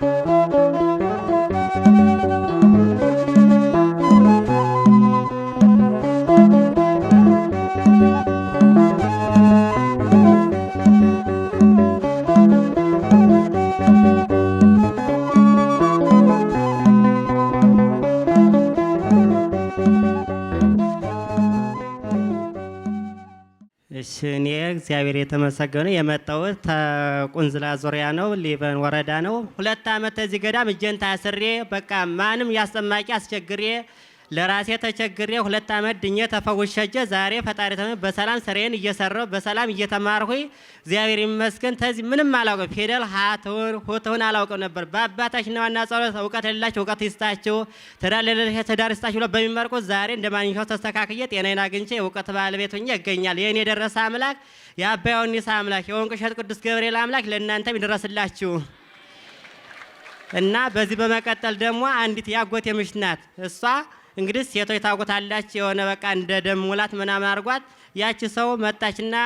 Thank you. እግዚአብሔር የተመሰገነ። የመጣሁት ተቁንዝላ ዙሪያ ነው፣ ሊበን ወረዳ ነው። ሁለት ዓመት እዚህ ገዳም እጄን ታስሬ በቃ ማንም ያስጠማቂ አስቸግሬ ለራሴ ተቸግሬ ሁለት ዓመት ድኜ ተፈውሸጀ። ዛሬ ፈጣሪ ተመ በሰላም ስሬን እየሰራው በሰላም እየተማርሁኝ እግዚአብሔር ይመስገን። ተዚህ ምንም አላውቅም። ፊደል ሀትውን ሁትውን አላውቅም ነበር። በአባታችንና ዋና ጸሎት እውቀት የሌላቸው እውቀት ይስጣቸው፣ ትዳር ለሌላቸው ትዳር ይስጣቸው ብሎ በሚመርቁት ዛሬ እንደ ማንኛው ተስተካክዬ ጤናዬን አግኝቼ እውቀት ባለቤት ሆኜ እገኛለሁ። ይህን የደረሰ አምላክ የአባ ኒሳ አምላክ የወንቅ እሸት ቅዱስ ገብርኤል አምላክ ለእናንተም ይደረስላችሁ እና በዚህ በመቀጠል ደግሞ አንዲት ያጎቴ ምሽት ናት። እሷ እንግዲህ ሴቶች ታውቁታላችሁ፣ የሆነ በቃ እንደ ደም ሙላት ምናምን አድርጓት ያቺ ሰው መጣችና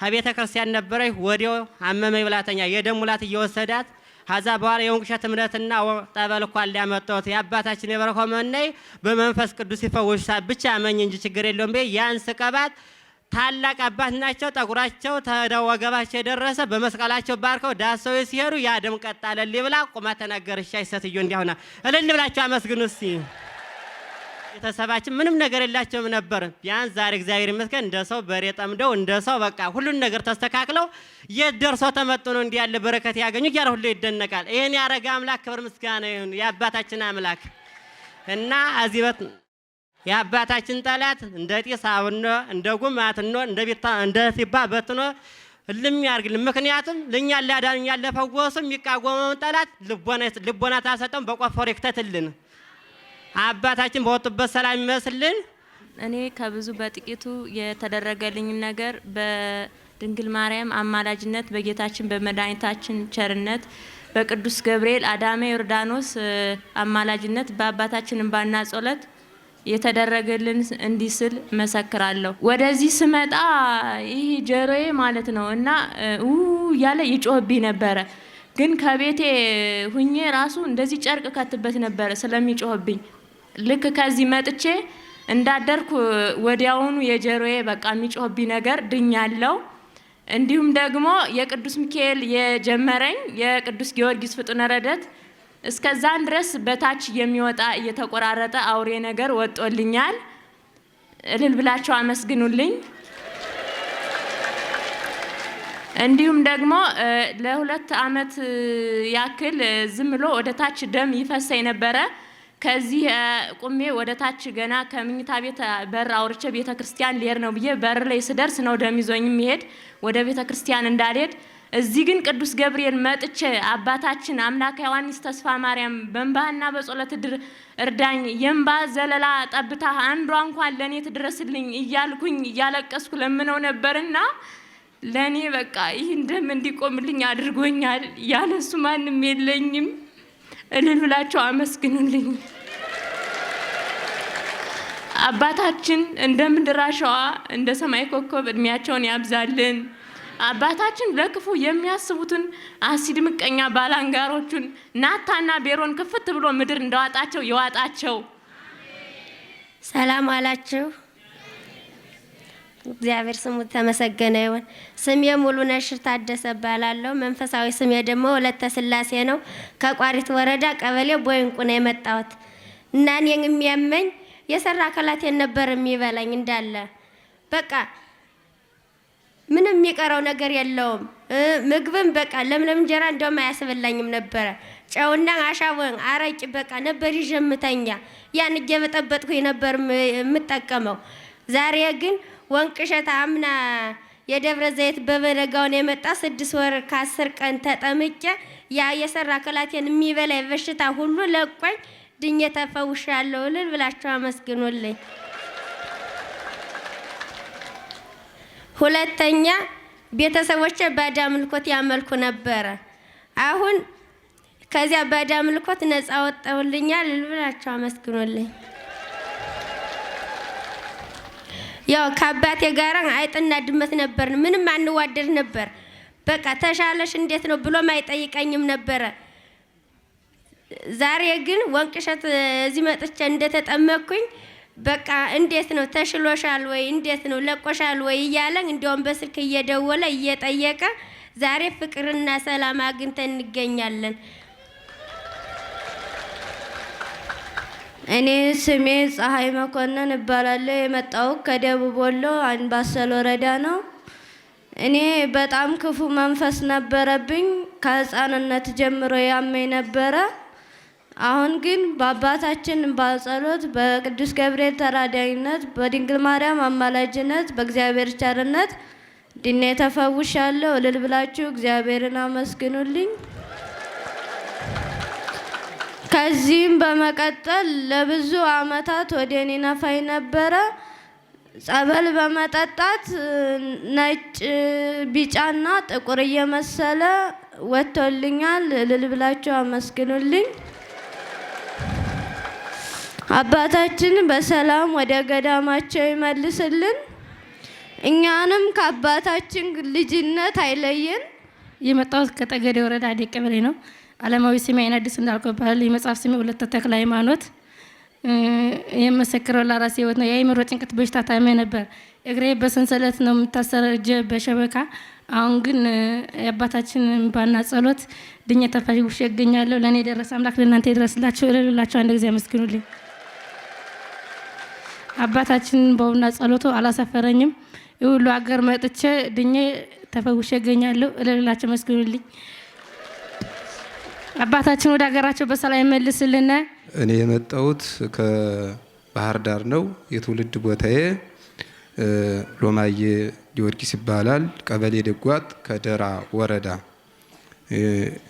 ከቤተ ክርስቲያን ነበረች። ወዲያው አመመኝ ብላተኛ የደም ሙላት እየወሰዳት ከዛ በኋላ የወንቅ እሸት እምነትና ጠበል እኮ ሊያመጣሁት የአባታችን የበረኮ መናይ በመንፈስ ቅዱስ ይፈውሳል ብቻ አመኝ እንጂ ችግር የለውም። ያን ስቀባት ታላቅ አባት ናቸው። ጠጉራቸው ተደወገባቸው የደረሰ በመስቀላቸው ባርከው ዳሰው ሲሄዱ ያ ደም ቀጥ ብላ ቁማ ተናገረች። አይ ሴትዮ እንዲያውና እልል ብላቸው አመስግኑ እስቲ። ቤተሰባችን ምንም ነገር የላቸውም ነበር። ቢያንስ ዛሬ እግዚአብሔር ይመስገን እንደ ሰው በሬ ጠምደው እንደ ሰው በቃ ሁሉን ነገር ተስተካክለው የት ደርሰው ነው እንዲህ ያለ በረከት ያገኙ እያለ ሁሉ ይደነቃል። ይህን ያረገ አምላክ ክብር ምስጋና ይሁን የአባታችን አምላክ እና አዚበት የአባታችን ጠላት እንደ ጢስ አብኖ እንደ ጉማት ኖ እንደ እንደ ሲባ በትኖ ልም ያርግልን። ምክንያቱም ለእኛ ሊያዳን እኛ ለፈወሱ የሚቃወመውን ጠላት ልቦና ታሰጠን፣ በቆፈሩ ይክተትልን። አባታችን በወጡበት ሰላም ይመስልን። እኔ ከብዙ በጥቂቱ የተደረገልኝ ነገር በድንግል ማርያም አማላጅነት በጌታችን በመድኃኒታችን ቸርነት በቅዱስ ገብርኤል አዳሜ ዮርዳኖስ አማላጅነት በአባታችን እንባና ጸሎት የተደረገልን እንዲህ ስል መሰክራለሁ። ወደዚህ ስመጣ ይሄ ጆሮዬ ማለት ነው እና እያለ ይጮህብኝ ነበረ። ግን ከቤቴ ሁኜ ራሱ እንደዚህ ጨርቅ ከትበት ነበረ ስለሚጮህብኝ። ልክ ከዚህ መጥቼ እንዳደርኩ ወዲያውኑ የጆሮዬ በቃ የሚጮህብኝ ነገር ድኛለው። እንዲሁም ደግሞ የቅዱስ ሚካኤል የጀመረኝ የቅዱስ ጊዮርጊስ ፍጡነ ረደት እስከዛን ድረስ በታች የሚወጣ እየተቆራረጠ አውሬ ነገር ወጦልኛል። እልል ብላቸው አመስግኑልኝ። እንዲሁም ደግሞ ለሁለት ዓመት ያክል ዝም ብሎ ወደ ታች ደም ይፈሳ የነበረ ከዚህ ቁሜ ወደ ታች ገና ከምኝታ ቤት በር አውርቼ ቤተ ክርስቲያን ነው ብዬ በር ላይ ስደርስ ነው ደም ይዞኝ የሚሄድ ወደ ቤተ ክርስቲያን እንዳልሄድ እዚህ ግን ቅዱስ ገብርኤል መጥቼ አባታችን አምላከ ዮሐንስ ተስፋ ማርያም በእንባህና በጸሎት እርዳኝ፣ የእንባ ዘለላ ጠብታ አንዷ እንኳን ለእኔ ትድረስልኝ እያልኩኝ እያለቀስኩ ለምነው ነበርና ለእኔ በቃ ይህ ደም እንዲቆምልኝ አድርጎኛል። ያለሱ ማንም የለኝም። እልሉላቸው አመስግኑልኝ። አባታችን እንደ ምድር አሸዋ እንደ ሰማይ ኮከብ እድሜያቸውን ያብዛልን። አባታችን ለክፉ የሚያስቡትን አሲድ ምቀኛ ባላንጋሮቹን ናታና ቤሮን ክፍት ብሎ ምድር እንደዋጣቸው ይዋጣቸው። ሰላም አላችሁ። እግዚአብሔር ስሙ ተመሰገነ ይሁን። ስሜ ሙሉ ነሽር ታደሰ እባላለሁ። መንፈሳዊ ስሜ ደግሞ ወለተ ስላሴ ነው። ከቋሪት ወረዳ ቀበሌ ቦይንቁ ነው የመጣሁት እና እኔን የሚያመኝ የሰራ አካላቴን ነበር የሚበላኝ እንዳለ በቃ ምንም የሚቀረው ነገር የለውም። ምግብም በቃ ለምለም እንጀራ እንደውም አያስበላኝም ነበረ። ጨውና አሻወን አረቂ በቃ ነበር ይጀምተኛ ያን እየበጠበጥኩ ነበር የምጠቀመው። ዛሬ ግን ወንቅሸት አምና የደብረ ዘይት በበለጋውን የመጣ ስድስት ወር ከአስር ቀን ተጠምቄ ያ የሰራ ከላቴን የሚበላይ በሽታ ሁሉ ለቆኝ ድኜ ተፈውሻለሁ። ልል ብላችሁ አመስግኑልኝ። ሁለተኛ ቤተሰቦች ባዕድ አምልኮት ያመልኩ ነበረ። አሁን ከዚያ ባዕድ አምልኮት ነፃ ወጣሁልኛል ልብላቸው አመስግኖልኝ። ያው ከአባቴ ጋር አይጥና ድመት ነበር ምንም አንዋደድ ነበር። በቃ ተሻለሽ እንዴት ነው ብሎም አይጠይቀኝም ነበረ። ዛሬ ግን ወንቅ እሸት እዚህ መጥቼ እንደተጠመኩኝ በቃ እንዴት ነው ተሽሎሻል ወይ እንዴት ነው ለቆሻል ወይ እያለ እንዲያውም በስልክ እየደወለ እየጠየቀ ዛሬ ፍቅርና ሰላም አግኝተን እንገኛለን። እኔ ስሜ ፀሐይ መኮንን እባላለሁ። የመጣው ከደቡብ ወሎ አንባሰል ወረዳ ነው። እኔ በጣም ክፉ መንፈስ ነበረብኝ። ከህፃንነት ጀምሮ ያመኝ ነበረ። አሁን ግን በአባታችን በጸሎት በቅዱስ ገብርኤል ተራዳኝነት በድንግል ማርያም አማላጅነት በእግዚአብሔር ቸርነት ድኔ ተፈውሻለሁ። እልል ብላችሁ እግዚአብሔርን አመስግኑልኝ። ከዚህም በመቀጠል ለብዙ ዓመታት ወደ እኔ ነበረ። ጸበል በመጠጣት ነጭ ቢጫና ጥቁር እየመሰለ ወጥቶልኛል። እልል ብላችሁ አመስግኑልኝ። አባታችን በሰላም ወደ ገዳማቸው ይመልስልን። እኛንም ከአባታችን ልጅነት አይለየን። የመጣሁት ከጠገዴ ወረዳ አዴ ቀበሌ ነው። አለማዊ ስሜ አይን አዲስ እንዳልከው ይባላል። የመጽሐፍ ስሜ ሁለት ተክለ ሃይማኖት። የመሰክረው ለራሴ ህይወት ነው። የአይምሮ ጭንቀት በሽታ ታመ ነበር። እግሬ በሰንሰለት ነው የምታሰረጀ በሸበካ። አሁን ግን የአባታችን ባና ጸሎት ድኘ ተፋሽ ውሽ ያገኛለሁ። ለእኔ የደረሰ አምላክ ለእናንተ የደረስላቸው። እልልላቸው አንድ ጊዜ አመስግኑልኝ። አባታችን በቡና ጸሎቱ አላሳፈረኝም። የሁሉ ሀገር መጥቼ ድኜ ተፈውሼ እገኛለሁ። እልልላቸው መስግኑልኝ። አባታችን ወደ ሀገራቸው በሰላም ይመልስልን። እኔ የመጣሁት ከባህር ዳር ነው። የትውልድ ቦታዬ ሎማዬ ጊዮርጊስ ይባላል። ቀበሌ ደጓት ከደራ ወረዳ።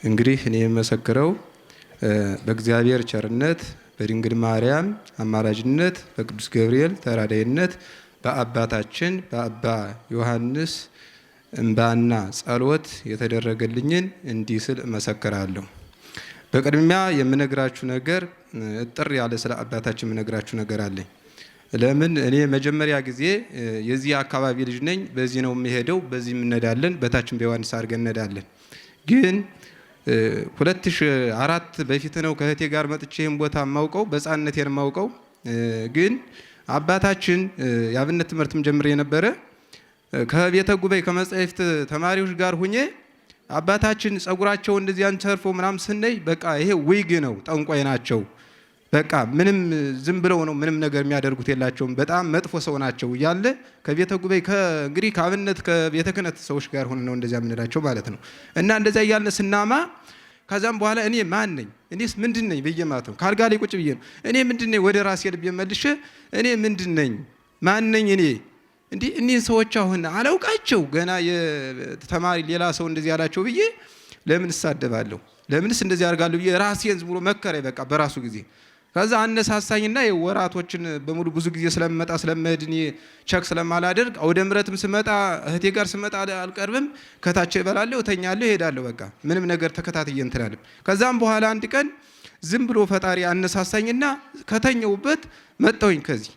እንግዲህ እኔ የመሰክረው በእግዚአብሔር ቸርነት በድንግል ማርያም አማራጅነት በቅዱስ ገብርኤል ተራዳይነት በአባታችን በአባ ዮሐንስ እምባና ጸሎት የተደረገልኝን እንዲህ ስል እመሰክራለሁ። በቅድሚያ የምነግራችሁ ነገር እጥር ያለ ስለ አባታችን የምነግራችሁ ነገር አለኝ። ለምን እኔ መጀመሪያ ጊዜ የዚህ አካባቢ ልጅ ነኝ። በዚህ ነው የሚሄደው፣ በዚህ እንነዳለን፣ በታችን በዮሐንስ አድርገን እንነዳለን ግን ሁለት ሺህ አራት በፊት ነው ከእህቴ ጋር መጥቼ ይህን ቦታ የማውቀው በህፃንነት የማውቀው ግን አባታችን የአብነት ትምህርትም ጀምሬ የነበረ ከቤተ ጉባኤ ከመጻሕፍት ተማሪዎች ጋር ሁኜ አባታችን ጸጉራቸው እንደዚህ አንተርፎ ምናምን ስናይ በቃ ይሄ ዊግ ነው ጠንቋይ ናቸው በቃ ምንም ዝም ብለው ነው ምንም ነገር የሚያደርጉት የላቸውም። በጣም መጥፎ ሰው ናቸው እያለ ከቤተ ጉባኤ እንግዲህ ከአብነት ከቤተ ክህነት ሰዎች ጋር ሆነ ነው እንደዚያ የምንላቸው ማለት ነው። እና እንደዚያ እያልን ስናማ ከዛም በኋላ እኔ ማን ነኝ እኔስ ምንድን ነኝ ብዬ ማለት ነው ካልጋ ላይ ቁጭ ብዬ ነው እኔ ምንድን ነኝ ወደ ራሴ ልብ መልሼ እኔ ምንድን ነኝ ማን ነኝ እኔ እንዲህ እኒህን ሰዎች አሁን አላውቃቸው ገና የተማሪ ሌላ ሰው እንደዚህ ያላቸው ብዬ ለምን እሳደባለሁ? ለምንስ እንደዚህ ያደርጋለሁ ብዬ ራሴን ዝም ብሎ መከራይ በቃ በራሱ ጊዜ ከዛ አነሳሳኝና ወራቶችን በሙሉ ብዙ ጊዜ ስለምመጣ ስለምሄድ እኔ ቸክ ስለማላደርግ ወደ ምረትም ስመጣ እህቴ ጋር ስመጣ አልቀርብም። ከታች እበላለሁ፣ እተኛለሁ፣ እሄዳለሁ። በቃ ምንም ነገር ተከታትዬ እንትን ከዛም በኋላ አንድ ቀን ዝም ብሎ ፈጣሪ አነሳሳኝና ከተኘውበት መጣውኝ ከዚህ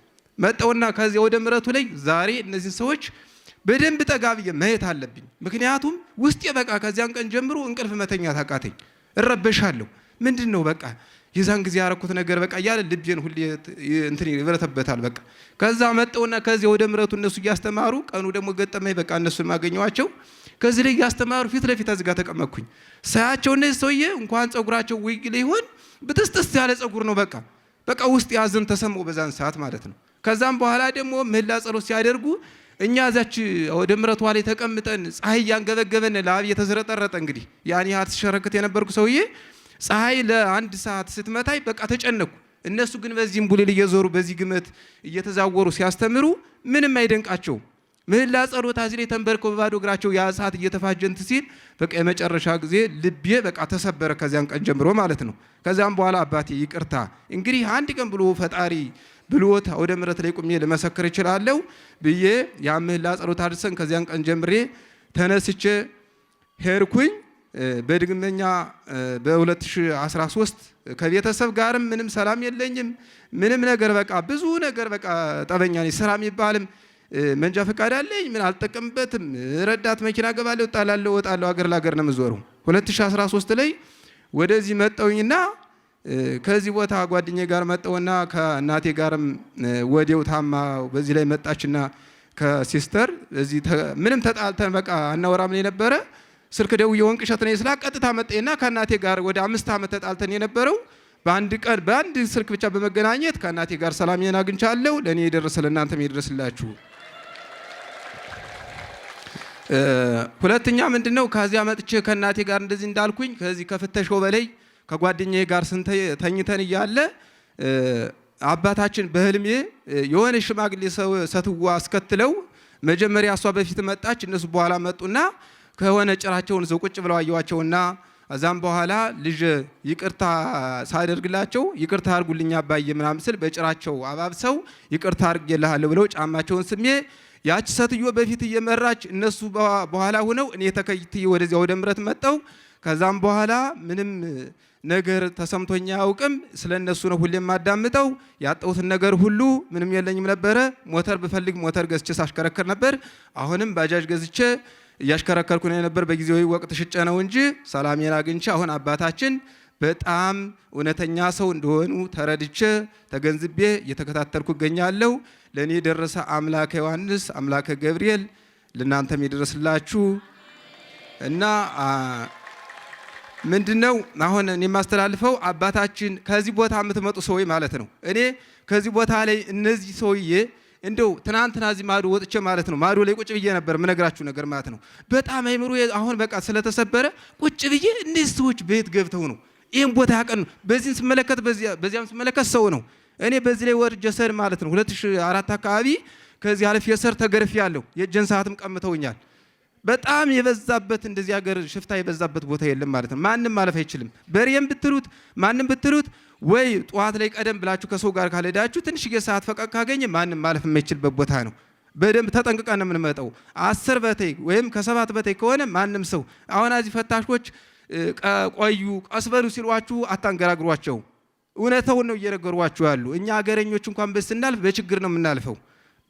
መጣውና ከዚህ ወደ ምረቱ ላይ ዛሬ እነዚህ ሰዎች በደንብ ጠጋ ብዬ ማየት አለብኝ። ምክንያቱም ውስጤ በቃ ከዚያን ቀን ጀምሮ እንቅልፍ መተኛት አቃተኝ፣ እረበሻለሁ። ምንድን ነው በቃ የዛን ጊዜ ያረኩት ነገር በቃ እያለ ልቤን ሁሌ እንትን ይበረተበታል። በቃ ከዛ መጠውና ከዚህ ወደ ምረቱ እነሱ እያስተማሩ ቀኑ ደግሞ ገጠመኝ። በቃ እነሱ ማገኘዋቸው ከዚህ ላይ እያስተማሩ ፊት ለፊት አዝጋ ተቀመጥኩኝ። ሳያቸው እነዚህ ሰውዬ እንኳን ጸጉራቸው ውይቅ ሊሆን ብጥስጥስ ያለ ጸጉር ነው። በቃ በቃ ውስጥ ያዝን ተሰማው በዛን ሰዓት ማለት ነው። ከዛም በኋላ ደግሞ ምህላ ጸሎት ሲያደርጉ እኛ እዛች ወደ ምረቷ ላይ ተቀምጠን ፀሐይ እያንገበገበን ለአብ እየተዝረጠረጠ እንግዲህ ያን ያህል ትሸረክት የነበርኩ ሰውዬ ፀሐይ ለአንድ ሰዓት ስትመታኝ በቃ ተጨነኩ። እነሱ ግን በዚህም ቡልል እየዞሩ በዚህ ግመት እየተዛወሩ ሲያስተምሩ ምንም አይደንቃቸው ምህላ ጸሎት አዝሬ ተንበርከው በባዶ እግራቸው ያ ሰዓት እየተፋጀንት ሲል በቃ የመጨረሻ ጊዜ ልቤ በቃ ተሰበረ። ከዚያን ቀን ጀምሮ ማለት ነው። ከዚያም በኋላ አባቴ ይቅርታ እንግዲህ አንድ ቀን ብሎ ፈጣሪ ብሎት ወደ ምረት ላይ ቁሜ ልመሰክር እችላለሁ ብዬ ያ ምህላ ጸሎት አድርሰን ከዚያን ቀን ጀምሬ ተነስቼ ሄርኩኝ። በድግመኛ በ2013 ከቤተሰብ ጋርም ምንም ሰላም የለኝም። ምንም ነገር በቃ ብዙ ነገር በቃ ጠበኛ ነኝ። ስራ የሚባልም መንጃ ፈቃድ አለኝ፣ ምን አልጠቀምበትም። ረዳት መኪና ገባለሁ፣ እጣላለሁ፣ እወጣለሁ። አገር ለአገር ነው የምዞረው። 2013 ላይ ወደዚህ መጣሁኝና ከዚህ ቦታ ጓደኛ ጋር መጣሁና ከእናቴ ጋርም ወዲያው ታማ በዚህ ላይ መጣችና ከሲስተር እዚህ ምንም ተጣልተን በቃ አናወራም ላይ ነበረ ስልክ ደውዬ ወንቅ እሸት ነኝ ስላ ቀጥታ መጤና ከእናቴ ጋር ወደ አምስት ዓመት ተጣልተን የነበረው በአንድ ቀን በአንድ ስልክ ብቻ በመገናኘት ከእናቴ ጋር ሰላም ሰላሜን አግኝቻለሁ። ለእኔ የደረሰ ለእናንተም የደረስላችሁ። ሁለተኛ ምንድን ነው ከዚያ መጥቼ ከእናቴ ጋር እንደዚህ እንዳልኩኝ ከዚህ ከፍተሻው በላይ ከጓደኛዬ ጋር ስንት ተኝተን እያለ አባታችን በህልሜ የሆነ ሽማግሌ ሰትዋ አስከትለው መጀመሪያ እሷ በፊት መጣች፣ እነሱ በኋላ መጡና ከሆነ ጭራቸውን ዘው ቁጭ ብለው አየዋቸውና እዛም በኋላ ልጅ ይቅርታ ሳደርግላቸው ይቅርታ አርጉልኝ አባዬ ምናምን ስል በጭራቸው አባብሰው ይቅርታ አርግልሃለሁ ብለው ጫማቸውን ስሜ ያች ሴትዮ በፊት እየመራች እነሱ በኋላ ሆነው እኔ ተከትዬ ወደዚያ ወደ ምረት መጣው። ከዛም በኋላ ምንም ነገር ተሰምቶኛ አያውቅም። ስለ እነሱ ነው ሁሌ የማዳምጠው። ያጠሁትን ነገር ሁሉ ምንም የለኝም ነበረ። ሞተር ብፈልግ ሞተር ገዝቼ ሳሽከረከር ነበር። አሁንም ባጃጅ ገዝቼ እያሽከረከርኩ ነው የነበር በጊዜው ወቅት ሽጨ ነው እንጂ ሰላሜን አግኝቼ አሁን አባታችን በጣም እውነተኛ ሰው እንደሆኑ ተረድቼ ተገንዝቤ እየተከታተልኩ እገኛለሁ። ለእኔ የደረሰ አምላከ ዮሐንስ አምላከ ገብርኤል ለእናንተም የደረስላችሁ እና ምንድነው አሁን እኔ የማስተላልፈው አባታችን ከዚህ ቦታ የምትመጡ ሰዎች ማለት ነው። እኔ ከዚህ ቦታ ላይ እነዚህ ሰውዬ እንደው ትናንትና እዚህ ማዶ ወጥቼ ማለት ነው ማዶ ላይ ቁጭ ብዬ ነበር የምነግራችሁ ነገር ማለት ነው። በጣም አይምሮ አሁን በቃ ስለተሰበረ ቁጭ ብዬ እነዚህ ሰዎች ቤት ገብተው ነው ይህን ቦታ ያቀኑ። በዚህን ስመለከት በዚያም ስመለከት ሰው ነው። እኔ በዚህ ላይ ወር ሰድ ማለት ነው 2004 አካባቢ ከዚህ አለፍ የሰር ተገርፍ ያለው የእጄን ሰዓትም ቀምተውኛል። በጣም የበዛበት እንደዚህ ሀገር ሽፍታ የበዛበት ቦታ የለም ማለት ነው። ማንም ማለፍ አይችልም። በሬም ብትሉት ማንም ብትሉት ወይ ጠዋት ላይ ቀደም ብላችሁ ከሰው ጋር ካልሄዳችሁ ትንሽዬ ሰዓት ፈቀቅ ካገኘ ማንም ማለፍ የማይችልበት ቦታ ነው። በደንብ ተጠንቅቀን ነው የምንመጣው። አስር በተይ ወይም ከሰባት በተይ ከሆነ ማንም ሰው አሁን እዚህ ፈታሾች ቆዩ ቀስበሉ ሲሏችሁ አታንገራግሯቸው። እውነተውን ነው እየነገሯችሁ ያሉ። እኛ አገረኞች እንኳን በስናልፍ በችግር ነው የምናልፈው፣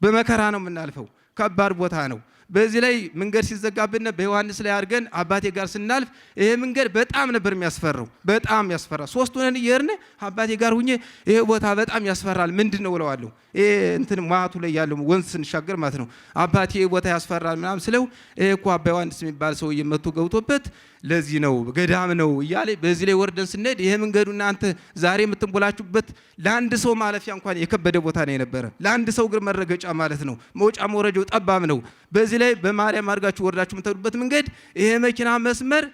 በመከራ ነው የምናልፈው። ከባድ ቦታ ነው። በዚህ ላይ መንገድ ሲዘጋብን በዮሐንስ ላይ አድርገን አባቴ ጋር ስናልፍ ይሄ መንገድ በጣም ነበር የሚያስፈራው። በጣም ያስፈራ። ሶስት ሆነን እየሄድን አባቴ ጋር ሁኜ ይሄ ቦታ በጣም ያስፈራል፣ ምንድን ነው እለዋለሁ። ይሄ እንትን ማቱ ላይ ያለው ወንዝ ስንሻገር ማለት ነው። አባቴ ይሄ ቦታ ያስፈራል ምናምን ስለው ይሄ እኮ አባ ዮሐንስ የሚባል ሰው መቶ ገብቶበት ለዚህ ነው ገዳም ነው እያለ በዚህ ላይ ወርደን ስንሄድ ይሄ መንገዱ እናንተ ዛሬ የምትንቦላችሁበት ለአንድ ሰው ማለፊያ እንኳን የከበደ ቦታ ነው የነበረ። ለአንድ ሰው እግር መረገጫ ማለት ነው። መውጫ መውረጃው ጠባብ ነው። በዚህ ላይ በማርያም አድርጋችሁ ወርዳችሁ የምትሄዱበት መንገድ ይሄ መኪና መስመር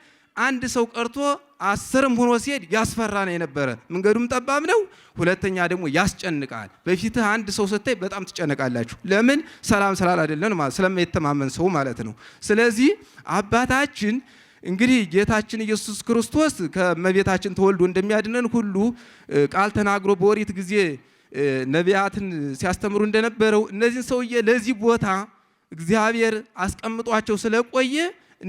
አንድ ሰው ቀርቶ አስርም ሆኖ ሲሄድ ያስፈራ ነው የነበረ። መንገዱም ጠባብ ነው። ሁለተኛ ደግሞ ያስጨንቃል። በፊትህ አንድ ሰው ስታይ በጣም ትጨነቃላችሁ። ለምን? ሰላም ስላል አይደለም ማለት ስለማይተማመን ሰው ማለት ነው። ስለዚህ አባታችን እንግዲህ ጌታችን ኢየሱስ ክርስቶስ ከመቤታችን ተወልዶ እንደሚያድነን ሁሉ ቃል ተናግሮ በወሪት ጊዜ ነቢያትን ሲያስተምሩ እንደነበረው እነዚህን ሰውዬ ለዚህ ቦታ እግዚአብሔር አስቀምጧቸው ስለቆየ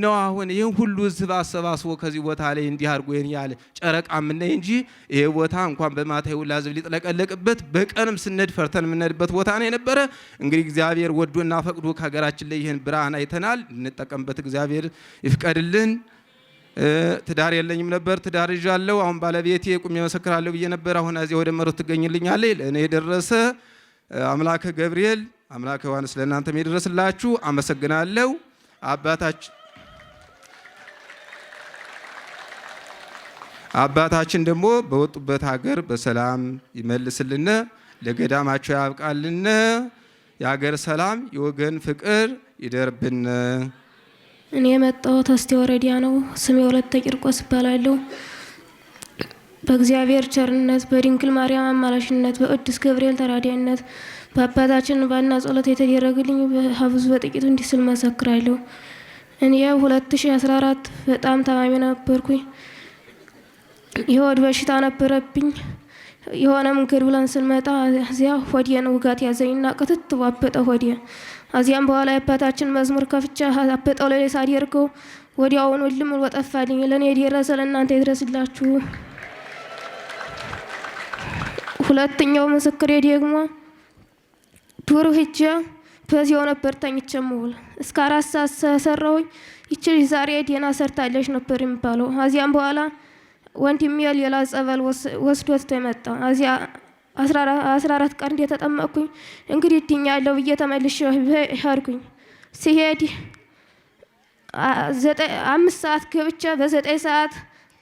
ነው። አሁን ይህን ሁሉ ህዝብ አሰባስቦ ከዚህ ቦታ ላይ እንዲህ አድርጎ ያለ ጨረቃ የምናይ እንጂ ይሄ ቦታ እንኳን በማታ የውላ ህዝብ ሊጥለቀለቅበት በቀንም ስነድ ፈርተን የምንሄድበት ቦታ ነው የነበረ። እንግዲህ እግዚአብሔር እና ፈቅዶ ከሀገራችን ላይ ይህን ብርሃን አይተናል። እንጠቀምበት፣ እግዚአብሔር ይፍቀድልን። ትዳር የለኝም ነበር፣ ትዳር ይዣለሁ። አሁን ባለቤቴ ቁሜ መሰክራለሁ ብዬ ነበር። አሁን እዚያ ወደ መሮት ትገኝልኛለች። ለእኔ የደረሰ አምላከ ገብርኤል አምላክ ዮሐንስ ለእናንተ የሚደረስላችሁ አመሰግናለሁ። አባታችን አባታችን ደግሞ በወጡበት ሀገር በሰላም ይመልስልን፣ ለገዳማቸው ያብቃልን። የሀገር ሰላም፣ የወገን ፍቅር ይደርብን። እኔ የመጣሁት እስቴ ወረዲያ ነው። ስሜ ወለተ ቂርቆስ ይባላለሁ። በእግዚአብሔር ቸርነት፣ በድንግል ማርያም አማላሽነት፣ በቅዱስ ገብርኤል ተራዳይነት በአባታችን ባና ጸሎት የተደረገልኝ ሀብዙ በጥቂቱ እንዲህ ስል መሰክራለሁ። እኔ ሁለት ሺ አስራ አራት በጣም ታማሚ ነበርኩኝ። የሆድ በሽታ ነበረብኝ። የሆነ ምክር ብለን ስንመጣ እዚያ ሆዴን ውጋት ያዘኝና ቅትት አበጠ ሆዴ። እዚያም በኋላ የአባታችን መዝሙር ከፍቻ አበጠው ላይ ሳደርገው ወዲያውኑ ልም ብሎ ጠፋልኝ። ለእኔ የደረሰ ለእናንተ የድረስላችሁ። ሁለተኛው ምስክሬ ደግሞ ዶሮ ሄጄ በዚያው ነበር ተኝቼ መውል እስከ አራት ሰዓት ሰራሁኝ። ይችል ዛሬ ዴና ሰርታለች ነበር የሚባለው። አዚያም በኋላ ወንድሜ ሌላ ጸበል ወስዶት ተመጣ። አዚያ አስራ አራት ቀን እንደተጠመቅኩኝ እንግዲህ ድኛለሁ ብዬ ተመልሼ ሄድኩኝ። ሲሄድ አምስት ሰዓት ገብቼ በዘጠኝ ሰዓት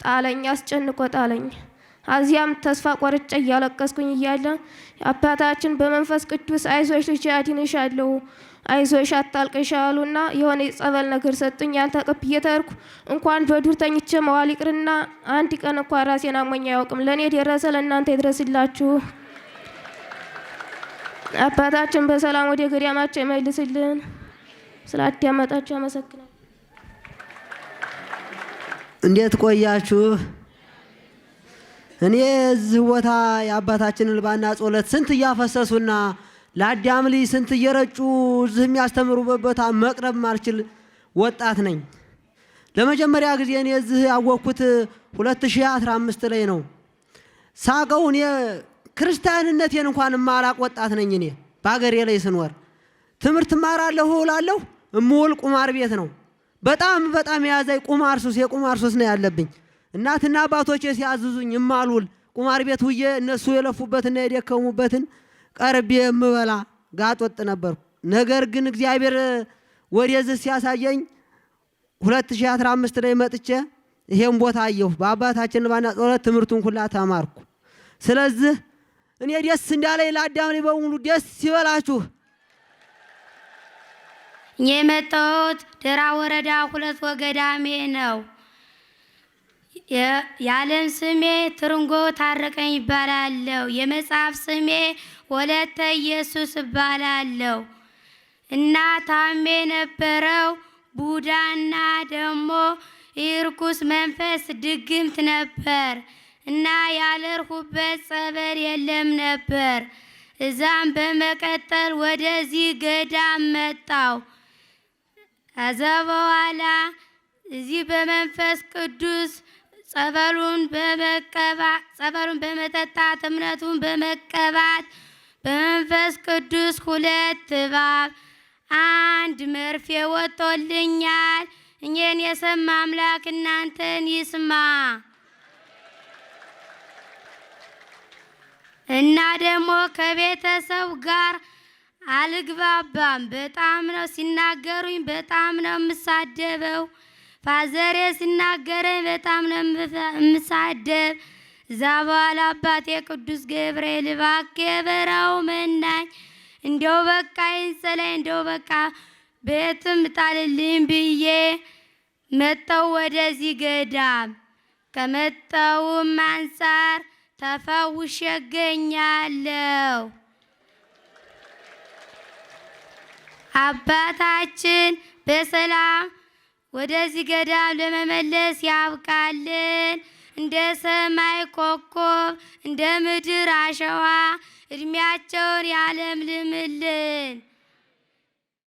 ጣለኝ፣ አስጨንቆ ጣለኝ። አዚያም ተስፋ ቆርጬ እያለቀስኩኝ እያለ አባታችን በመንፈስ ቅዱስ አይዞሽ ልጅ አድንሻለሁ፣ አይዞሽ አታልቅሽ አሉና የሆነ የጸበል ነገር ሰጡኝ። ያን ተርኩ። እንኳን በዱር ተኝቼ መዋል ይቅርና አንድ ቀን እንኳ ራሴን አሞኝ አያውቅም። ለእኔ ደረሰ፣ ለእናንተ ይድረስላችሁ። አባታችን በሰላም ወደ ገዳማቸው ይመልስልን። ስላዳመጣችሁ አመሰግናለሁ። እንዴት ቆያችሁ? እኔ እዚህ ቦታ የአባታችን ልባና ጸሎት ስንት እያፈሰሱና ለአዳም ልጅ ስንት እየረጩ እዚህ የሚያስተምሩበት ቦታ መቅረብ ማልችል ወጣት ነኝ። ለመጀመሪያ ጊዜ እኔ እዚህ ያወቅኩት 2015 ላይ ነው። ሳቀው እኔ ክርስቲያንነቴን እንኳን ማላቅ ወጣት ነኝ። እኔ በአገሬ ላይ ስንወር ትምህርት ማራለሁ እውላለሁ። እምውል ቁማር ቤት ነው። በጣም በጣም የያዛኝ ቁማር ሱስ የቁማር ሱስ ነው ያለብኝ እናትና አባቶቼ ሲያዝዙኝ እማሉል ቁማር ቤት ውዬ እነሱ የለፉበትና የደከሙበትን ቀርቤ የምበላ ጋጦጥ ወጥ ነበርኩ። ነገር ግን እግዚአብሔር ወደዚህ ሲያሳየኝ 2015 ላይ መጥቼ ይሄን ቦታ አየሁ። በአባታችን ባና ጸሎት ትምህርቱን ሁላ ተማርኩ። ስለዚህ እኔ ደስ እንዳለኝ ለአዳምኔ በሙሉ ደስ ይበላችሁ። የመጣሁት ደራ ወረዳ ሁለት ወገዳሜ ነው። የዓለም ስሜ ትርንጎ ታረቀኝ ይባላለሁ። የመጽሐፍ ስሜ ወለተ ኢየሱስ እባላለሁ እና ታሜ ነበረው ቡዳና ደግሞ ኢርኩስ መንፈስ ድግምት ነበር እና ያለርሁበት ጸበል የለም ነበር። እዛም በመቀጠል ወደዚህ ገዳም መጣው። ከዛ በኋላ እዚህ በመንፈስ ቅዱስ ጸበሉን በመቀባት ጸበሉን በመጠጣት እምነቱን በመቀባት በመንፈስ ቅዱስ ሁለት እባብ አንድ መርፌ ወጥቶልኛል። እኔን የሰማ አምላክ እናንተን ይስማ እና ደግሞ ከቤተሰብ ጋር አልግባባም። በጣም ነው ሲናገሩኝ፣ በጣም ነው የምሳደበው። ፋዘሬ ሲናገረኝ በጣም ነው የምሳደብ። እዛ በኋላ አባቴ ቅዱስ ገብርኤል እባክህ በራው መናኝ፣ እንደው በቃ ይንሰላይ፣ እንደው በቃ ቤትም ጣልልኝ ብዬ መጠው ወደዚህ ገዳም ከመጠውም አንጻር ተፋውሽ ያገኛለው። አባታችን በሰላም ወደዚህ ገዳም ለመመለስ ያብቃልን። እንደ ሰማይ ኮከብ እንደ ምድር አሸዋ እድሜያቸውን ያለምልምልን።